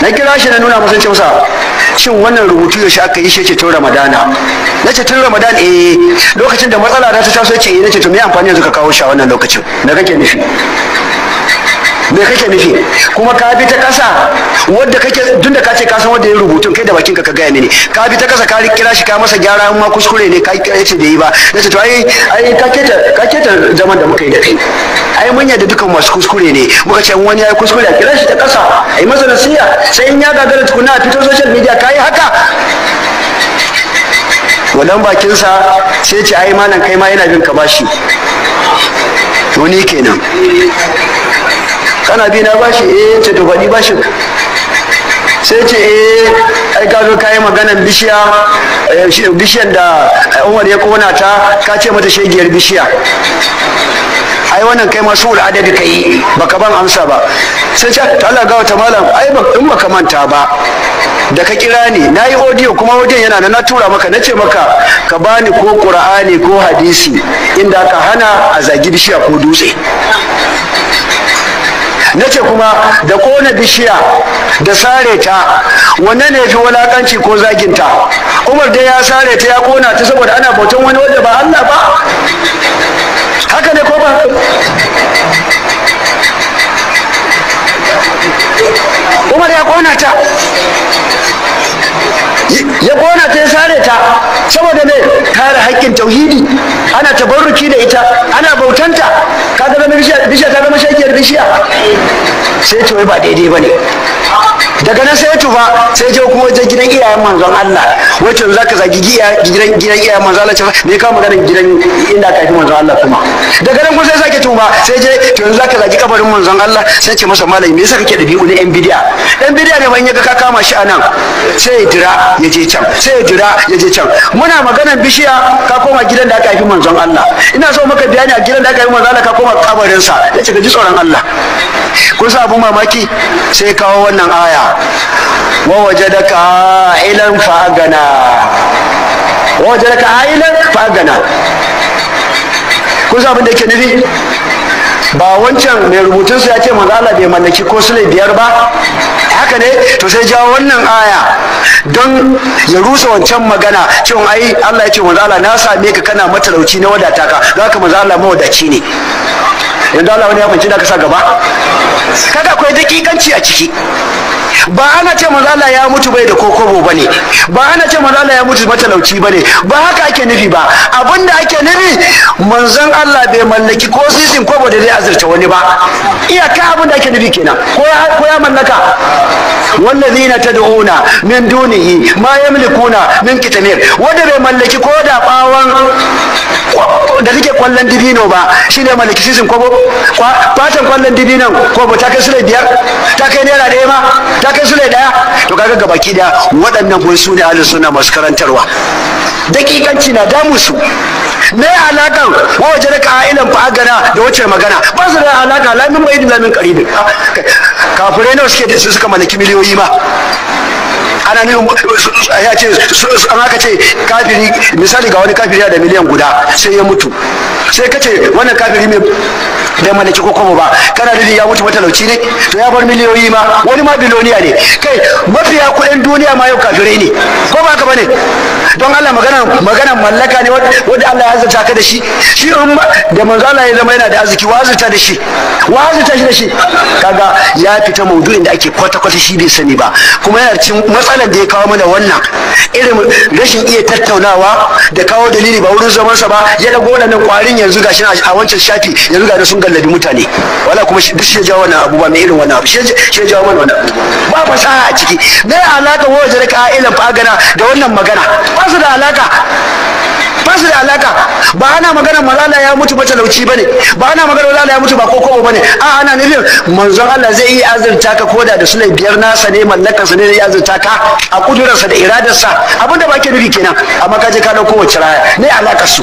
na kira shi na nuna musance cewa shin wannan rubutu yaushe aka yi shi yace tun ramadana na ce tun ramadana eh lokacin da matsala ta taso yace eh na ce to me amfani yanzu ka kawo shi a wannan lokacin na kake nufi me kake nufi kuma ka bi ta kasa wanda kake tun da kace ka san wanda ya rubutun kai da bakin ka ka gaya mini ka bi ta kasa ka kira shi ka masa gyara amma ma kuskure ne ka kira da yi ba ce to ai ai ka keta ka keta zaman da muka yi da kai ai manya da dukan masu kuskure ne muka ce wani ya kuskure a kira shi ta kasa ai masa nasiya sai in ya gagara tukuna a fito social media ka yi haka wadan bakinsa sai ce ai malam kai ma yana bin ka bashi wani kenan kana bi na bashi eh ce to faɗi bashi sai ce eh ai ka zo kai maganan bishiya eh, bishiyan da eh, Umar ya kona ta ka ce mata shegiyar bishiya ai wannan kai ma masu adadi ka baka ban amsa ba sai ce Allah ga wata malam ai ba in baka manta ba da ka kira ni na yi audio kuma audio yana na na tura maka na ce maka ka bani ko qur'ani ko hadisi inda ka hana a zagi bishiya ko dutse nace kuma da kona bishiya da sare ta wanne ne fi walakanci ko zaginta umar dai ya sare ta ya kona ta saboda ana bautan wani wanda ba Allah ba haka ne ko ba umar ya kona ta ya gona ta ya sare ta saboda me kare haƙƙin tauhidi ana tabarruki da ita ana bautanta ka zama bishiya ta zama shakiyar bishiya sai ce ba daidai ba ne daga nan sai tufa sai je kuma wajen gidan iyayen manzon Allah wacce za ka zagi gidan gidan iyayen manzon Allah cewa me ka magana gidan inda ka fi manzon Allah kuma daga nan kuma sai sake tufa sai je to yanzu za ka zagi kabarin manzon Allah sai ce masa malami me yasa kake da biyu ne yan bidiya yan bidiya ne ban yaga ka kama shi anan sai ya dira ya je can sai ya jira ya je can muna maganan bishiya ka koma gidan da aka haifi manzon Allah ina so maka bayani a gidan da aka haifi manzon Allah ka koma kabarin sa ya ce ka ji tsoron Allah kun sa abun mamaki sai kawo wannan aya wa wajadaka ilan fa gana wa wajadaka ailan fa gana kun sa abin da yake nufi ba wancan mai rubutun su ya ce manzo Allah bai mallaki ko sule biyar ba haka ne to sai jawo wannan aya don ya rusa wancan magana cewa ai Allah ya ce manzo Allah na same ka kana matalauci na wadata ka don ka manzo Allah mawadaci ne yanzu Allah wani ya fahimci da ka sa gaba kaga akwai dakikanci a ciki ba ana ce manzo Allah ya mutu bai da kokobo bane ba ana ce manzo Allah ya mutu matalauci bane ba haka ake nufi ba abinda ake nufi manzon Allah bai mallaki ko sisin kobo da zai azurta wani ba iyaka abinda ake nufi kenan ko ya ko ya mallaka wallazina tad'una min dunihi ma yamlikuna min kitamir wanda bai mallaki ko da bawan da kake kwallon dibino ba shine mallaki sisin kobo kwatan kwallon nan ko ba ta kai sule biyar ta kai naira ɗaya ma ta kai sule ɗaya to kaga gabaki daya waɗannan wai su ne ahlus sunna masu karantarwa dakikanci na damu su me alakan wa wajen ka ailan fa agana da wacce magana ba su da alaka lamin bai lamin karibin kafirai nawa suke da su suka mallaki miliyoyi ma ana ne ya ce an aka ce kafiri misali ga wani kafiri da miliyan guda sai ya mutu sai ka ce wannan kafiri mai da malaki ko kuma ba kana da ya mutu matalauci ne to ya bar miliyoyi ma wani ma biloniya ne kai mafiya kuɗin duniya ma yau kafirai ne ko ba ka bane don Allah magana magana mallaka ne wanda Allah ya azurta ka da shi shi in da manzo Allah ya zama yana da arziki wa azurta da shi wa azurta shi da shi kaga ya fita maudu'in da ake kwata kwata shi bai sani ba kuma yana cin matsala malam da ya kawo mana wannan irin rashin iya tattaunawa da kawo dalili ba wurin zamansa ba ya dago waɗannan ƙwarin yanzu gashi a wancan shafi yanzu ga sun gallabi mutane wala kuma duk shi ya jawo wannan abubuwa mai irin wannan abu shi ya jawo mana wannan ba ba fasaha a ciki me alaka wajen ka'ilan fagana da wannan magana ba su da alaka ba su da alaka ba ana magana malala ya mutu matalauci bane ba ana magana malala ya mutu ba koko bane a ana nufin manzon Allah zai iya azurta ka koda da sulai biyar nasa ne mallakar sa ne zai azurta ka a kudurarsa da iradarsa abinda ba ke nufi kenan amma ka je ka dauko wacce raya ne alakar su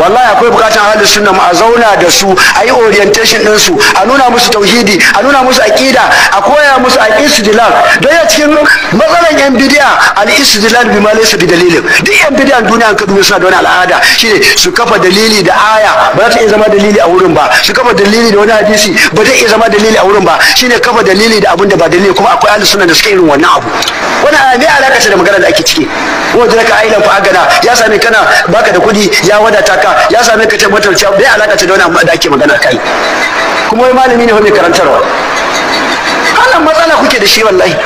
wallahi akwai bukatun ahlus sunna mu a zauna da su a yi orientation din su a nuna musu tauhidi a nuna musu aqida a koya musu al-istidlal don ya cikin matsalan yan bid'a al-istidlal bi ma laysa bi dalilin duk yan bid'a duniya ka dubi suna da wani al'ada shine su kafa dalili da aya ba za ta iya zama dalili a wurin ba su kafa dalili da wani hadisi ba zai iya zama dalili a wurin ba shine kafa dalili da abin da ba dalili kuma akwai ahlus sunna da suke irin wannan abu ne alaƙa alaka da magana da ake ciki wanda ka ailan fa agana ya sami kana baka da kudi ya wada ta ka ya same ka ce cewa bai alaka ce da wani da ake magana kai kuma wai malami ne mai karantarwa wannan matsala kuke da shi wallahi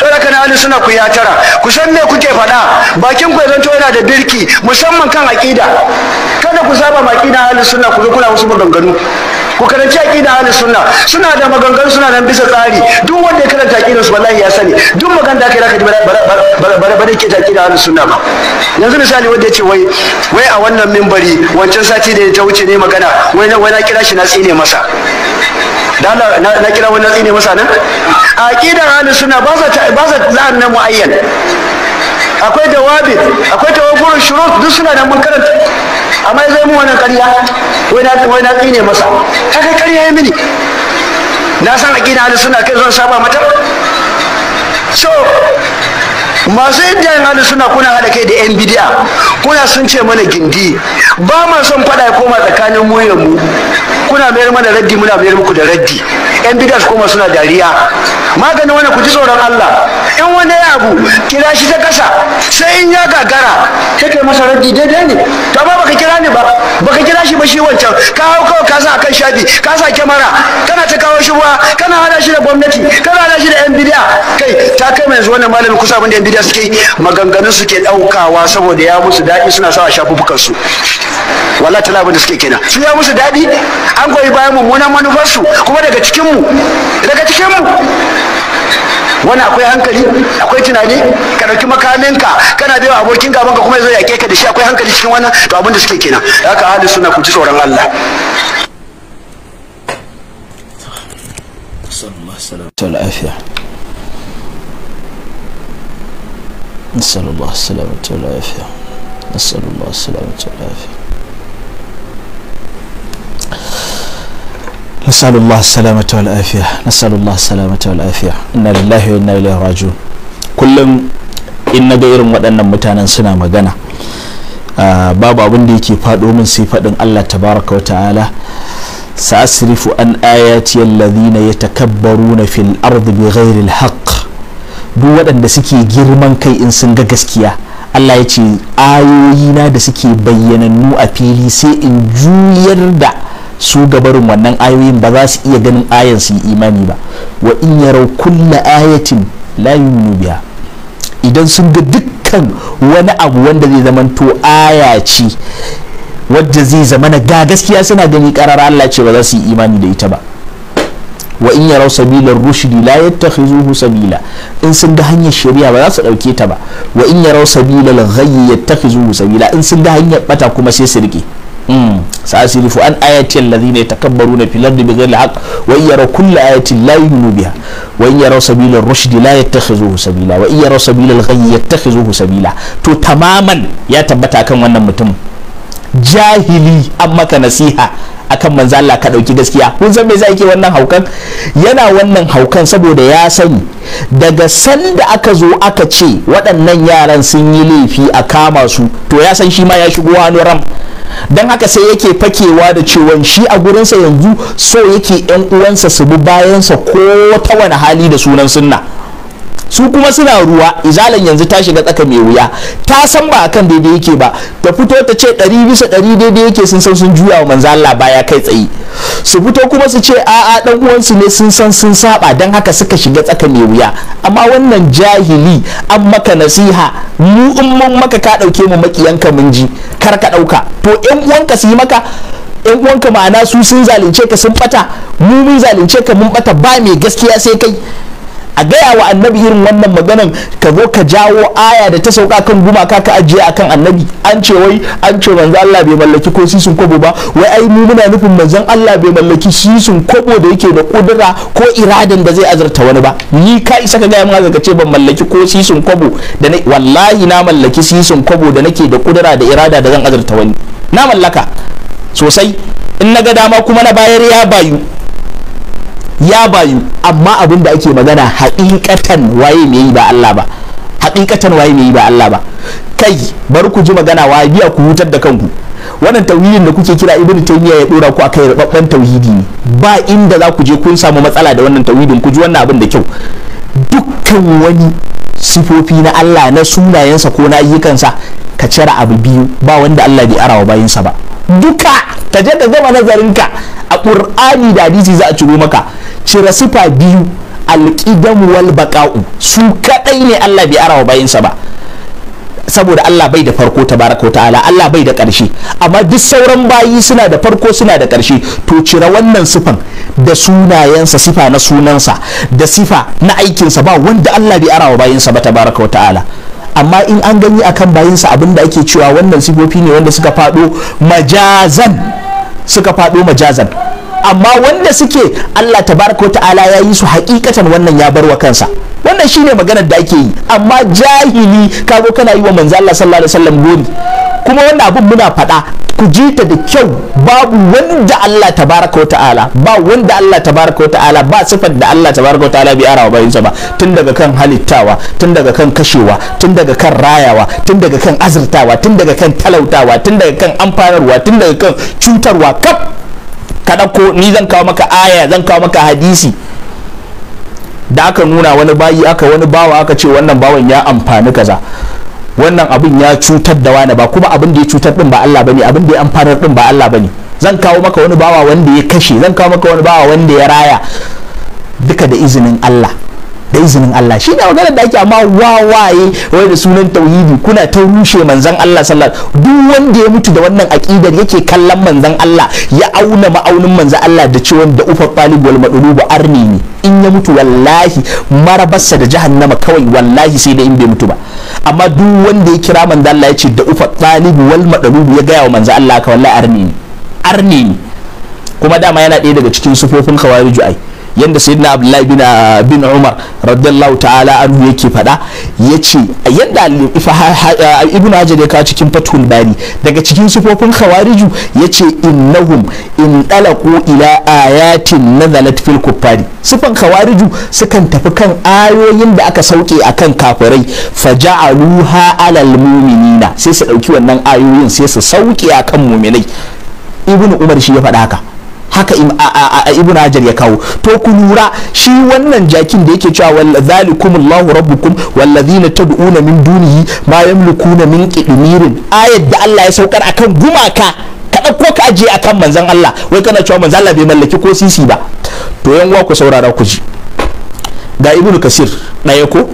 don haka na suna ku ya tara ku san me kuke faɗa bakin ku zanto yana da birki musamman kan aƙida kada ku saba ma a suna ku zo kuna wasu maganganu ku karanci aqida ahli sunna suna da maganganu suna nan bisa tsari duk wanda ya karanta aqidar su wallahi ya sani duk magana da kai zaka ji ba ba da ke ta aqida ahli sunna ba yanzu misali wanda ya ce wai wai a wannan minbari wancan sati da ta wuce ne magana wai wai na kira shi na tsine masa da na kira wani na tsine masa nan aqidar ahli sunna ba za ta ba za ta muayyan akwai jawabi akwai tawakkurun shurut duk suna da mun karanta amma zai mu wannan kariya wai na wai na tsine masa kai kariya ya mini na san aqida da suna kai zan saba mata so masu yin hali suna kuna haɗa kai da yan bidiya kuna sun ce mana gindi ba ma son faɗa ya koma tsakanin mu ya mu kuna mayar mana raddi muna mayar muku da raddi yan bidiya su koma suna dariya maganin wani ku ji tsoron Allah in wani ya abu kira shi ta kasa sai in ya gagara kake masa raddi daidai ne to ba baka kira ni ba baka kira shi ba shi wancan ka hau kawai ka sa kan shafi ka sa kyamara kana ta kawo shi kana hada shi da gwamnati kana hada shi da yan bidiya kai ta kai mai yanzu wannan malamin kusa abin da da suke maganganun suke ɗaukawa saboda ya musu daɗi suna sawa shafuffukan su wallahi tala abin da suke kenan su ya musu daɗi an goyi bayan mummunan manufarsu kuma daga cikinmu daga cikinmu wani akwai hankali akwai tunani ka ɗauki ka kana da abokin gaban ka kuma yazo zo ka da shi akwai hankali cikin wannan to abin da suke kenan haka ahli suna ku ci tsoron Allah
sallallahu alaihi wasallam نسأل الله السلامة والعافية نسأل الله السلامة والعافية نسأل الله السلامة والعافية نسأل الله السلامة والعافية إنا لله وإنا إليه راجعون kullum in na ga irin waɗannan mutanen suna magana babu abin da yake faɗo min sai faɗin Allah tabaraka wa ta'ala sa'asrifu an ayati alladhina yatakabbaruna fil ardi bighairi alhaq duk waɗanda suke girman kai in sun ga gaskiya Allah ya ce ayoyina da suke bayyanannu a fili sai in juyar da su gabarin wannan ayoyin ba za su iya ganin ayan su yi imani ba wa in yarau kulla ayatin la yu'minu idan sun ga dukkan wani abu wanda zai zamanto aya ce wadda zai zama na ga gaskiya suna gani karara Allah ce ba za su yi imani da ita ba wa in yarau sabilar rushdi la yattakhizuhu sabila in sun ga hanyar shari'a ba za su dauke ta ba wa in ya sabilal ghayyi yattakhizuhu sabila in sun ga hanyar bata kuma sai su rike hmm. sa'asirifu an ayati alladhina yatakabbaruna fil ardi bighayri haqq wa in yaraw kulla ayatin la yu'minu biha wa in yaraw sabila ar-rushd la yattakhizuhu sabila wa in yaraw sabila al-ghayyi yattakhizuhu sabila to tamaman ya tabbata kan wannan mutum jahili an maka nasiha akan manzo Allah ka dauki gaskiya kun san me zai yake wannan haukan yana wannan haukan saboda ya sani daga sanda aka zo aka ce waɗannan yaran sun yi laifi a kama su to ya san shi ma ya shigo wani ram don haka sai yake fakewa da cewan shi a gurinsa yanzu so yake yan uwansa su bi bayansa ko ta wani hali da sunan sunna su kuma suna ruwa izalan yanzu ta shiga tsaka mai wuya ta san ba akan daidai yake ba ta fito ta ce ɗari bisa ɗari daidai yake sun san sun juya wa manzo Allah baya kai tsaye su fito kuma su ce a'a dan uwansu ne sun san sun saba dan haka suka shiga tsaka mai wuya amma wannan jahili an maka nasiha mu in maka ka dauke mu makiyanka mun ji kar ka dauka to yan uwanka su yi maka yan uwanka ma'ana su sun zalunce ka sun bata mu mun zalunce ka mun bata ba mai gaskiya sai kai a gaya wa annabi irin wannan maganan ka zo ka jawo aya da ta sauka kan gumaka ka ajiye akan annabi an ce wai an ce manzon Allah bai mallaki ko sisin kobo ba wai ai mu muna nufin manzon Allah bai mallaki sisin kobo da yake da kudura ko iradan da zai azurta wani ba ni ka isa ka gaya mun ka ce ban mallaki ko sisin kobo da wallahi na mallaki sisin kobo da nake da kudura da irada da zan azurta wani na mallaka sosai in na ga dama kuma na bayar ya bayu ya bayu amma abin da ake magana haƙiƙatan waye mai yi ba Allah ba haƙiƙatan waye mai yi ba Allah ba kai bari ku ji magana wa biya ku hutar da kanku wannan tauhidin da kuke kira ibnu taymiya ya dora ku akai rababban tauhidi ba inda za ku je kun samu matsala da wannan tauhidin ku ji wannan abin da kyau dukkan wani sifofi na Allah na sunayensa ko na ayyukansa ka cire abu biyu ba wanda Allah bai arawa bayinsa ba duka ka je ka zama nazarinka a ƙur'ani da hadisi za a ciro maka cire sifa biyu alƙidamu wal baƙa'u su kaɗai ne Allah bai arawa bayansa ba saboda Allah bai da farko tabaraka wa ta'ala Allah bai da ƙarshe amma duk sauran bayi suna da farko suna da ƙarshe to cire wannan sifan da sunayensa sifa na sunansa da sifa na aikinsa ba wanda Allah bai arawa bayansa ba tabaraka wa ta'ala amma in an gani akan bayinsa abinda ake cewa wannan sifofi ne wanda suka faɗo majazan suka faɗo majazan amma wanda suke Allah tabaraka ta'ala ya yi su hakikatan wannan ya bar wa kansa wannan shine maganar da ake yi amma jahili kago kana yi wa manzo Allah sallallahu alaihi wasallam gori kuma wannan abin muna faɗa ku ji ta da kyau babu wanda Allah tabaraka ta'ala ba wanda Allah tabaraka ta'ala ba sifar da Allah tabaraka ta'ala bi arawa sa ba tun daga kan halittawa tun daga kan kashewa tun daga kan rayawa tun daga kan azurtawa tun daga kan talautawa tun daga kan amfanarwa tun daga kan cutarwa kaf ka dauko ni zan kawo maka aya zan kawo maka hadisi da aka nuna wani bayi aka wani bawa aka ce wannan bawan ya amfani kaza wannan abin ya cutar da wani ba kuma abin da ya cutar din ba Allah bane abin da ya amfanar din ba Allah bane zan kawo maka wani bawa wanda ya kashe zan kawo maka wani bawa wanda ya raya duka da izinin Allah da izinin Allah shi ne maganar da ake amma wawaye wai da sunan tauhidi kuna ta rushe manzan Allah sallar duk wanda ya mutu da wannan aqidar yake kallon manzan Allah ya auna ma'aunin manzan Allah da cewa da ufa talib wal ba arni ne in ya mutu wallahi marabarsa da jahannama kawai wallahi sai da in bai mutu ba amma duk wanda ya kira manzan Allah ya ce da ufa talib wal ya gaya wa manzan Allah ka wallahi arni ne arni ne kuma dama yana ɗaya daga cikin sufofin khawariju ai yadda na abdullahi bin ah, bin umar radiyallahu ta'ala anhu yake faɗa yace yadda ah, ibn hajar ya kawo cikin fathul bari daga cikin sifofin khawariju yace innahum in dalaqu ila ayatin nazalat fil kuffari sifan khawariju sukan tafi kan ayoyin da aka sauke a akan kafirai faja'aluha alal mu'minina sai su dauki wannan ayoyin sai su sauke a kan mu'minai ibnu umar shi ya fada haka haka ibn hajar ya kawo to ku lura shi wannan jakin da yake cewa zalikum allah rabbukum wallazina tad'una min dunihi ma yamlikuna min qidmirin ayat da Allah ya saukar akan gumaka ka dauko ka aje akan manzon Allah wai kana cewa manzon Allah bai mallaki ko sisi ba to yan ku saurara ku ji ga ibn kasir ɗaya ko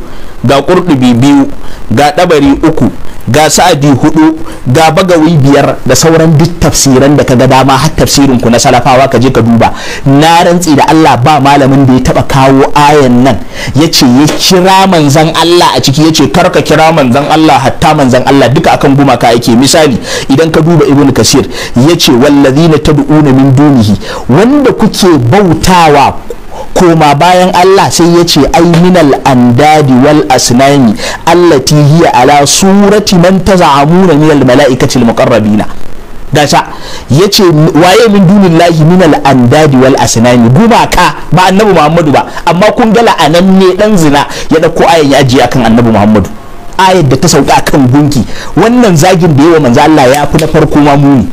ga qurtubi biyu ga dabari uku ga sa'adi hudu ga bagawi biyar da sauran duk tafsiran da kaga dama har tafsirin ku na salafawa ka je ka duba na rantsi da Allah ba malamin da ya taba kawo ayan nan yace ya kira manzon Allah a ciki yace kar ka kira manzon Allah hatta manzon Allah duka akan gumaka yake misali idan ka duba ibnu kasir yace wallazina tad'una min dunihi wanda kuke bautawa koma bayan Allah sai ya ce ai minal andadi wal asnami allati hiya ala surati man tazamuna minal malaikati al muqarrabina ya ce waye min dunillahi min al'andadi wal asnani gumaka ba annabi muhammadu ba amma kun ga la'anan ne dan zina ya dauko ayan ya ajiye akan annabi muhammadu ayar da ta sauka kan gunki wannan zagin da yawa manzo Allah ya fi na farko ma muni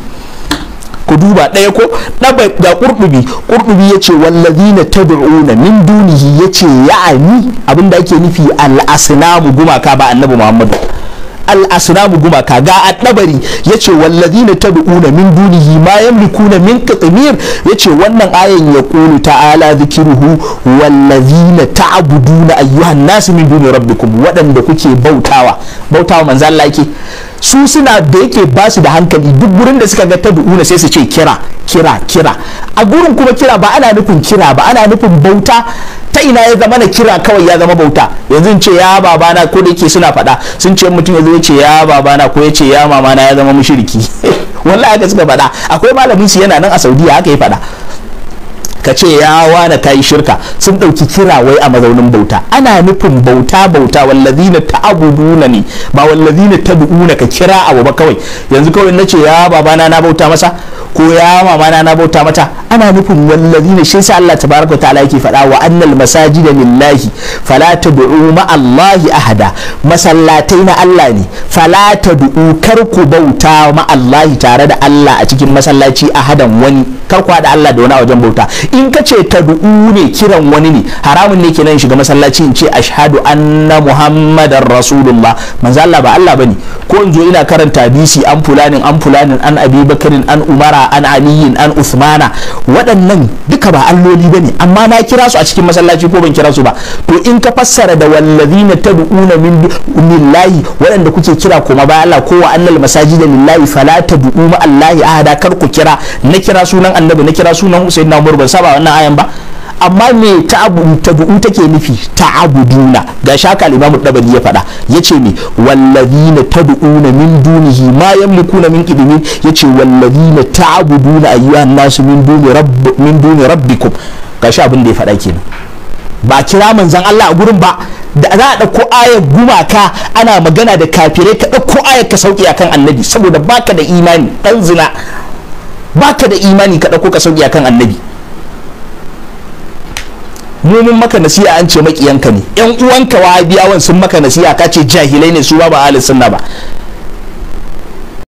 ku duba ɗaya ko ɗaba ga ƙurɗubi ƙurɗubi ya ce wallazi na tabi'una min dunihi ya ce ya'ani abinda ake nufi al'asinamu gumaka ba annabi muhammadu al'asiramu gumaka ga addabari yace wallazina tad'una min dunihi ma yamlikuna min qitmir yace wannan ayan ya qulu ta'ala dhikruhu wallazina na ayyuhan nasu min duni rabbikum waɗanda kuke bautawa bautawa manzo Allah yake su suna da yake ba su da hankali duk gurin da suka ga tad'una sai su ce kira kira kira a gurin kuma kira ba ana nufin kira ba ana nufin bauta ta ina ya zama na kira kawai ya zama bauta yanzu ce ya babana ko da yake suna faɗa sun ce mutum yanzu ya ce ya babana ko ya ce ya mamana ya zama mushriki wallahi haka suka faɗa akwai malamin su yana nan a saudiya haka ya faɗa ka ce ya wane ta yi shirka sun ɗauki kira wai a mazaunin bauta ana nufin bauta bauta ta ta'buduna ne ba wallazina na ka kira abu ba kawai yanzu kawai na ce ya babana na bauta masa ko ya mamana na bauta mata ana nufin wallazina shi sai Allah tabaraka ta'ala yake faɗa wa annal masajida lillahi fala tad'u ma Allahi ahada masallatai na Allah ne fala tad'u kar ku bauta ma Allahi tare da Allah a cikin masallaci ahadan wani kar ku haɗa Allah da wani a wajen bauta in ka ce tad'u ne kiran wani ne haramun ne kenan shiga masallaci in ce ashhadu anna muhammadar rasulullah manzo Allah ba Allah bane ko in zo ina karanta bisi an fulanin an fulanin an abi bakarin an umara an aliyin an usmana waɗannan duka ba alloli ba ne amma na kira su a cikin masallaci ko ban kira su ba to in ka fassara da ta tad'una min lillahi waɗanda kuke kira kuma ba Allah ko wa annal da lillahi fala du'u ma allahi hada kar ku kira na kira sunan annabi na kira sunan sayyidina na ban saba wannan ayan ba amma me ta bu take nufi duna ga shaka al-imamu dabali ya faɗa yace me wallazina tad'una min dunihi ma yamlikuna min qidmin yace wallazina ta'abuduna ayyuhan nasu min duni rabb min duni rabbikum sha abin da ya faɗa kenan ba kira manzon Allah a gurin ba da za a ɗauko ayar gumaka ana magana da kafirai ka ɗauko ayar ka sauki akan annabi saboda baka da imani dan zina baka da imani ka ɗauko ka sauki akan annabi mu mun maka nasiha an ce makiyanka ne yan uwanka wahabiyawan sun maka nasiha ka ce jahilai ne su ba ba ahlus sunna ba